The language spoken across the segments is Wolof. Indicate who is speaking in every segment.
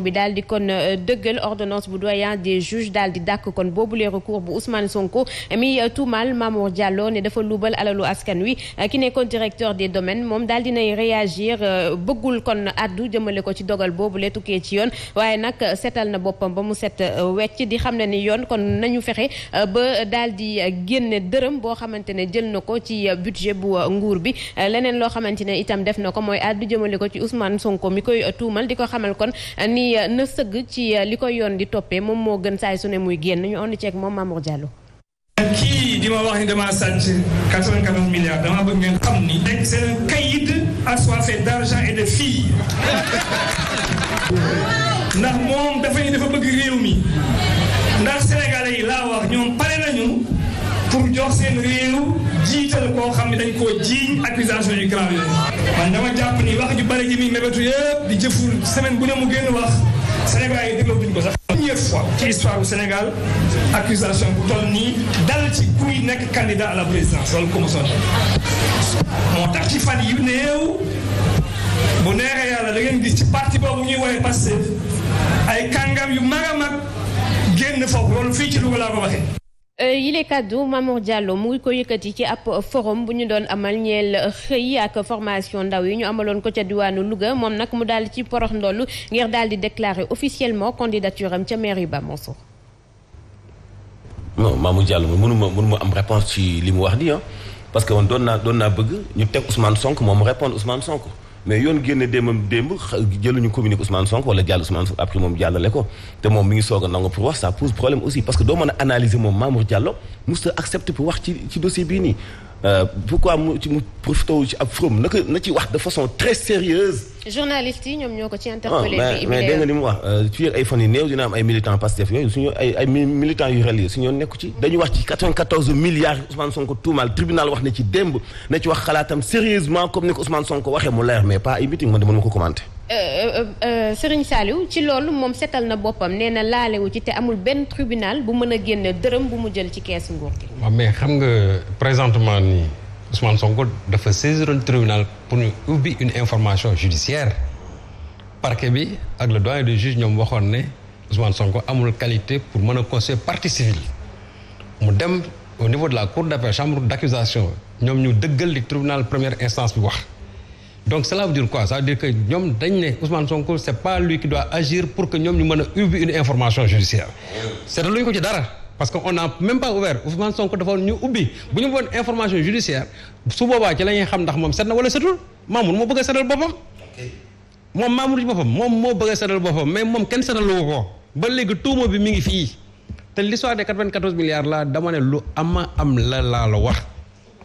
Speaker 1: bi daal di kon euh, dëggal ordonnance bu doyen des juges daal di dàkk kon boobu les recours bu Ousmane Sonko euh, mi euh, tuumal Mamour Diallo ki nekkoon directeur des domaines moom daal dinay réagir bëggul kon addu jëmale ko ci dogal boobu le tukkee ci yoon waaye nag setal na boppam ba mu set wecc di xam ne ni yoon kon nañu fexe ba daal di génne dërëm boo xamante ne jël na ko ci budget bu nguur bi leneen loo xamante ne itam def na ko mooy addu jëmale ci Ousmane Sonko mi koy tuumal di ko xamal kon ni ni eh, na sëgg ci eh, li koy yoon di toppee moom moo gën saay su ne muy génn ñu on ceeg moom Mamour Diallo.
Speaker 2: kii di ma wax ni damaa sàcc 94 milliards damaa bëgg ngeen xam ni. rek c'est un caïd assoiffé d'argent et de filles. ndax moom dafa ñu dafa bëgg réew mi. ndax sénégalais yi laa wax ñoom pare nañu pour jox seen réew jiital koo xam ne dañ koo jiiñ accusation yu grave yooyu. man dama jàpp ni wax ju bari ji muy mébétu yëpp di jëfur semaine bu ne mu génn wax Sénégal yi dégloo duñ ko sax. première fois ci histoire bu Sénégal accusation bu toll nii dal ci kuy nekk candidat à la présidence loolu comme sonn moo tax ci fan yu néew bu neexee yàlla da ngeen gis ci parti boobu ñuy woowee Pastef ay kàngam yu mag a mag génn foofu loolu fii ci Louga laa
Speaker 1: yile euh, kàddu Mamour Diallo mu ngi ko yëkkati ci ab forum bu ñu doon amal ñee xëy ak formation ndaw yi ñu amaloon ko ca diwaanu Louga moom nag mu daal ci porox ndollu ngir daal di déclarer officiellement candidature am ca mairie ba Mansour
Speaker 3: non Mamour Diallo mënu am réponse ci li mu wax di ah parce que man doon naa doon naa bëgg ñu teg Ousmane sonk moom mu répondre Ousmane Sonko mais yoon génne démbam démb jëluñu communiqué Ousmane Sonko wala jàll Ousmane Sonko après moom jàllale ko te moom mi ngi soog a nangu pour wax ça pose problème aussi parce que doo mën a analyser moom Mamour Diallo musta accepté pour wax ci dossier bii nii Euh, pourquoi mu ci mu profité wu ci ab from na ko na ci wax de façon très sérieuse
Speaker 1: journaliste yi ñoom ñoo ko ci ah, interpellé mais mais dégg nga
Speaker 3: wax ci euh, ay fan yu néew dina am ay militants Pastef yooyu suñu ay ay militants nekku ci dañu wax ci milliards Ousmane Sonko tuumaal tribunal wax na ci démb na ci wax xalaatam sérieusement comme ni ko Ousmane Sonko waxee mu leer mais pas ay meeting man de mën ma ko commenter
Speaker 1: Euh, euh, euh, Serigne Saliou ci loolu moom setal na boppam nee na laalewu ci te amul benn tribunal bu mën a génne dërëm bu mu jël ci kees nguur gi.
Speaker 3: waaw mais xam nga présentement nii Ousmane Sonko dafa saisiroon tribunal pour ñu ubbi une information judiciaire parquet bi ak le doyen du juge ñoom waxoon ne Ousmane Sonko amul qualité pour mën a constituer parti civile mu dem au niveau de la cour d'appel chambre d'accusation ñoom ñu dëggal li tribunal première instance bi wax. donc cela veut dire quoi ça veut dire que ñoom dañ ne Ousmane Sonko c' pas lui qui doit agir pour que ñoom ñu mën a ubbi une information judiciaire seetaluñu ko ci dara parce que on n'a même pas ouvert Ousmane Sonko dafa ñu ubbi bu ñu woon information judiciaire su boobaa ci la xam ndax moom set na wala setul Mamour moo bëgg a setal boppam moom Mamour ci boppam moom moo bëgg a boppam mais moom kenn setalu ko ba léegi tuuma bi mi ngi fii te l'histoire des 94 milliards là dama ne am la laa la wax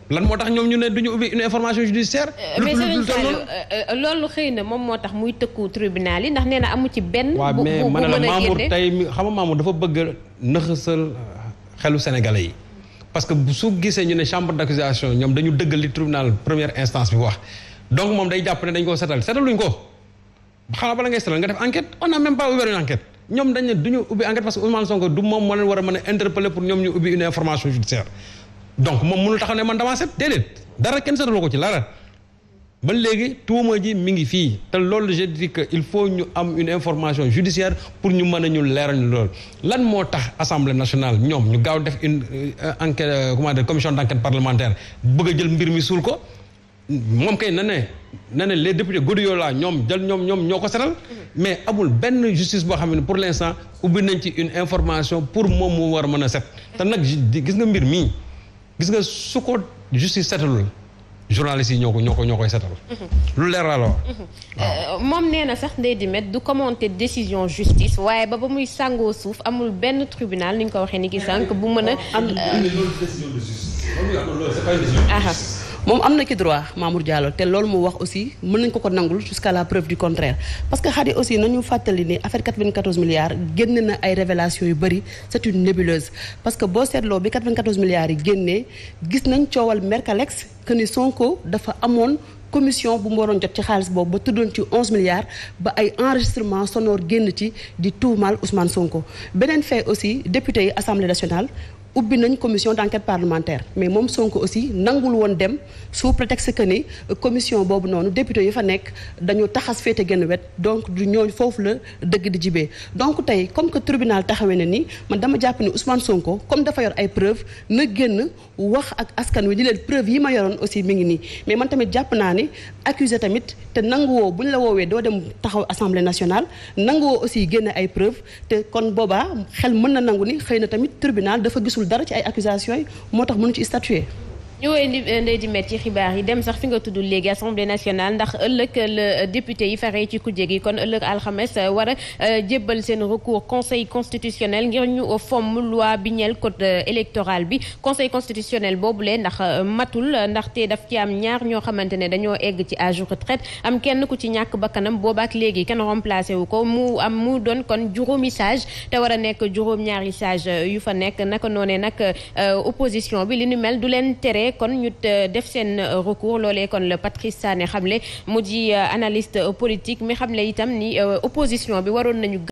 Speaker 3: lan moo tax ñoom ñu ne duñu ubbi une information judiciaire. Euh, mais Serigne Saliou
Speaker 1: euh, euh, loolu xëy na moom moo tax muy tëkku tribunal yi ndax nee na amu ci benn. bu bu bu a génne waaw mais man la Mamour tey xam
Speaker 3: nga Mamour dafa bëgg a nëxasal xelu sénégalais yi. parce que su gisee ñu ne chambre d' accusation dañu dëggal li tribunal première instance bi wax moom day jàpp ne dañ ko xanaa bala ngay setal nga def enquête du moom moo leen war a mën a interpeller pour ñoom ñu ubbi information judiciaire donc moom mënul taxaw ne man damaa set déedéet dara kenn setaloo ko ci dara ba léegi moo ji mi ngi fii te lool je dis que il faut ñu am une information judiciaire pour ñu mën a ñu leeral lool lan moo tax assemblée nationale ñoom ñu gaaw def une euh, enquête euh, comment dire commission d' enquête parlementaire bëgg a jël mbir mi suul ko moom kay na ne na ne les députés Goudou laa ñoom jël ñoom ñoom ñoo ko setal mais amul benn justice boo xam ne pour l' instant ubbi nañ ci une information pour moom mu war a mën a set te nag gis nga mbir mii. gis nga su ko justice setalul journalistes yi ñoo ko ñoo ko ñoo koy setal. Mhm. lu leer la mhm. waaw
Speaker 1: euh, moom nee na sax Ndeye Dimet du commenter décision justice waaye ba ba muy sangoo suuf amul benn tribunal ni ñu ko waxee ni ki sànq bu mën a. Ah, am
Speaker 4: décision de justice. moom am na ci droit Mamour Diallo te loolu mu wax aussi mën nañ ko ko nangul jusqu'à la preuve du contraire parce que Khady aussi nañu fàttali ni affaire 94 milliards génn na ay révélation yu bëri c'est une nébuleuse parce que boo seetloo bi 94 milliards yi génnee gis nañ coowal Mercalex que ni Sonko dafa amoon commission bu mu waroon jot ci xaalis boobu ba tuddoon ci onze milliards ba ay enregistrement sonore génn ci di tuumaal Ousmane Sonko beneen fait aussi député yi assemblée nationale ubbi nañ commission d' enquête parlementaire mais moom Sonko aussi nangul woon dem sous prétexte que ni euh, commission boobu noonu député yi fa nekk dañu taxas féete genn wet donc du ñooñ foofu la dëgg di jibee donc tey comme que tribunal taxawee na nii man dama jàpp ni Ousmane Sonko comme dafa yor ay preuve na génn wax ak askan wi di leen preuve yi ma yoroon aussi mu ngi nii mais man tamit jàpp naa ni accusé tamit te nanguwoo bu ñu la woowee doo dem taxaw assemblée nationale nanguwoo aussi génne ay preuve te kon boobaa xel mën na nangu xëy na tamit tribunal dafa gisul dara ci ay accusations yi moo tax mënu ci statuer
Speaker 1: ñu euh, woy ndey di met ci xibaar yi dem sax fi nga tudd léegi assemblée nationale ndax ëllëg la euh, député yi faree ci ku kujje gi kon ëllëg alxames euh, war a jébbal seen recours conseil constitutionnel ngir ñu fomm loi bi ñeel code électoral bi conseil constitutionnel boobulee ndax matul ndaxte daf ci am ñaar ñoo xamante ne dañoo egg ci âge retraite am kenn ku ci ñàkk bakkanam ak léegi kenn remplacé wu ko mu am mu doon kon juróomi sage te war a nekk juróom-ñaari sage yu fa nekk naka noonee nag opposition bi li nu leen tere loolee kon ñu def seen euh, recours loolee kon la Patrice Sané xamle mu ji euh, analyste euh, politique mi xamle itam ni opposition bi waroon nañu.